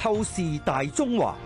透視大中華。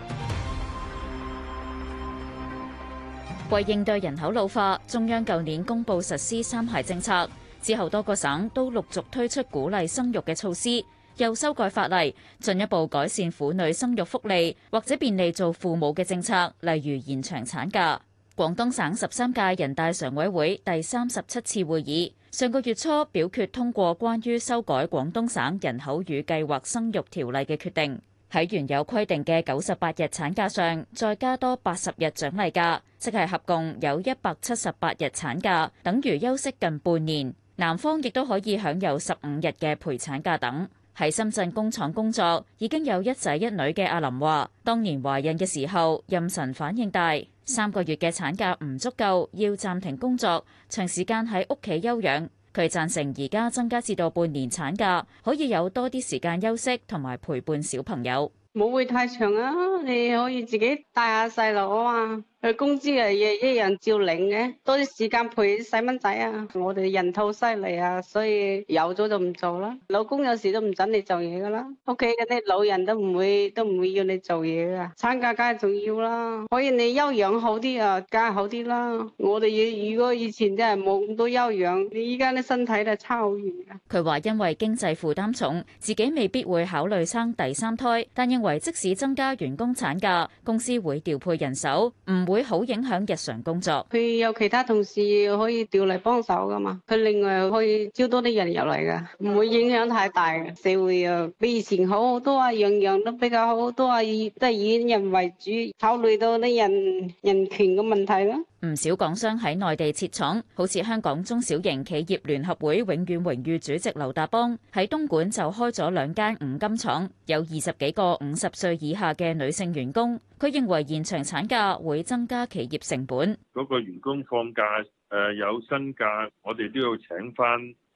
為應對人口老化，中央舊年公布實施三孩政策。之後，多個省都陸續推出鼓勵生育嘅措施，又修改法例，進一步改善婦女生育福利，或者便利做父母嘅政策，例如延長產假。廣東省十三屆人大常委會第三十七次會議上個月初表決通過關於修改《廣東省人口與計劃生育條例》嘅決定。喺原有規定嘅九十八日產假上，再加多八十日獎勵假，即係合共有一百七十八日產假，等於休息近半年。男方亦都可以享有十五日嘅陪產假等。喺深圳工廠工作，已經有一仔一女嘅阿林話，當年懷孕嘅時候，妊娠反應大，三個月嘅產假唔足夠，要暫停工作，長時間喺屋企休養。佢贊成而家增加至到半年產假，可以有多啲時間休息同埋陪伴小朋友。冇會太長啊，你可以自己帶下細路啊嘛。佢工資啊，亦一樣照領嘅。多啲時間陪啲細蚊仔啊！我哋人套犀利啊，所以有咗就唔做啦。老公有時都唔准你做嘢噶啦。屋企嗰啲老人都唔會，都唔會要你做嘢噶。產假梗係重要啦，可以你休養好啲啊，梗係好啲啦。我哋如果以前真係冇咁多休養，你依家啲身體都差好遠噶。佢話因為經濟負擔重，自己未必會考慮生第三胎，但認為即使增加員工產假，公司會調配人手，唔會。會好影響日常工作。佢有其他同事可以調嚟幫手噶嘛？佢另外可以招多啲人入嚟噶，唔會影響太大嘅。社會又、啊、比以前好好多啊，樣樣都比較好好多啊，都以都係以人為主，考人，考慮到啲人人權嘅問題咯、啊。唔少港商喺內地設廠，好似香港中小型企業聯合會永遠榮譽主席劉達邦喺東莞就開咗兩間五金廠，有二十幾個五十歲以下嘅女性員工。佢認為延長產假會增加企業成本。嗰個員工放假，誒，有薪假，我哋都要請翻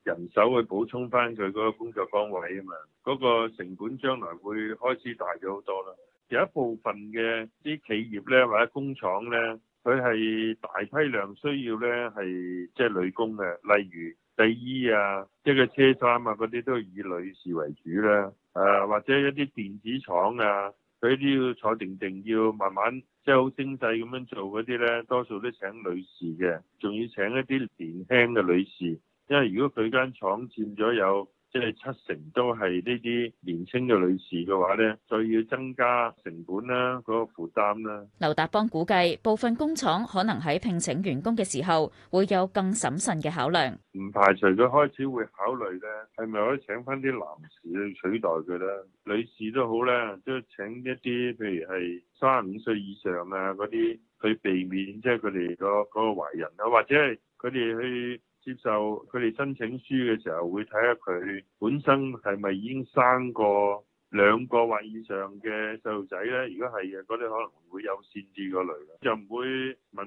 人手去補充翻佢嗰個工作崗位啊嘛。嗰個成本將來會開支大咗好多啦。有一部分嘅啲企業咧或者工廠咧，佢係大批量需要咧，係即係女工嘅，例如製衣啊，即係個車衫啊，嗰啲都以女士為主啦。誒、啊，或者一啲電子廠啊，佢啲要坐定定，要慢慢即係好精細咁樣做嗰啲咧，多數都請女士嘅，仲要請一啲年輕嘅女士，因為如果佢間廠佔咗有。即係七成都係呢啲年輕嘅女士嘅話咧，就要增加成本啦，嗰個負擔啦。劉達邦估計，部分工廠可能喺聘請員工嘅時候會有更審慎嘅考量。唔排除佢開始會考慮咧，係咪可以請返啲男士去取代佢啦？女士都好啦，即係請一啲譬如係三十五歲以上啊嗰啲去避免，即係佢哋個嗰個懷孕啊，或者係佢哋去。接受佢哋申請書嘅時候，會睇下佢本身係咪已經生過兩個或以上嘅細路仔咧？如果係嘅，嗰啲可能會有限制嗰類嘅，就唔會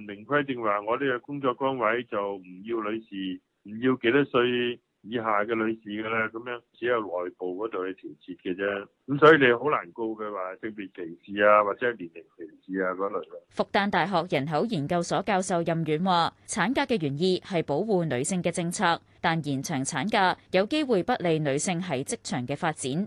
明文規定話我哋嘅工作崗位就唔要女士，唔要幾多歲以下嘅女士嘅咧。咁樣只有內部嗰度去調節嘅啫。咁所以你好難告佢話性別歧視啊，或者係年齡。復旦大學人口研究所教授任遠話：產假嘅原意係保護女性嘅政策，但延長產假有機會不利女性喺職場嘅發展。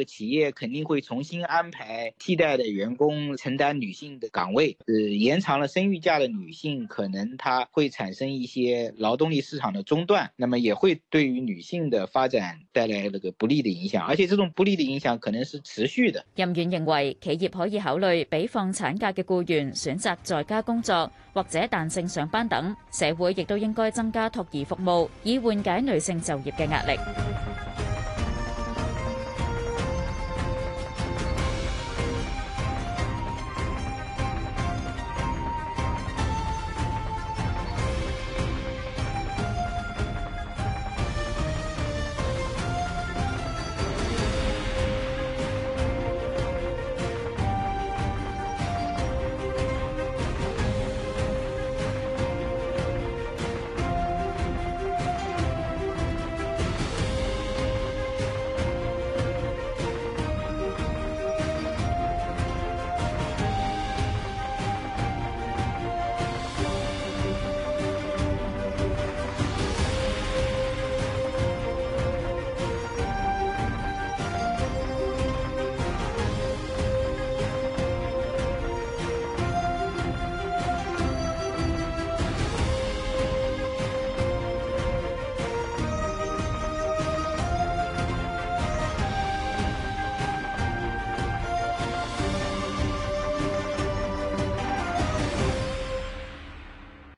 企業肯定會重新安排替代的員工承擔女性的崗位，呃，延長了生育假的女性可能她會產生一些勞動力市場的中斷，那麼也會對於女性的發展帶來那個不利的影響，而且這種不利的影響可能是持續的。任遠認為，企業可以考慮俾放產假嘅僱員選擇在家工作或者彈性上班等，社會亦都應該增加托兒服務，以緩解女性就業嘅壓力。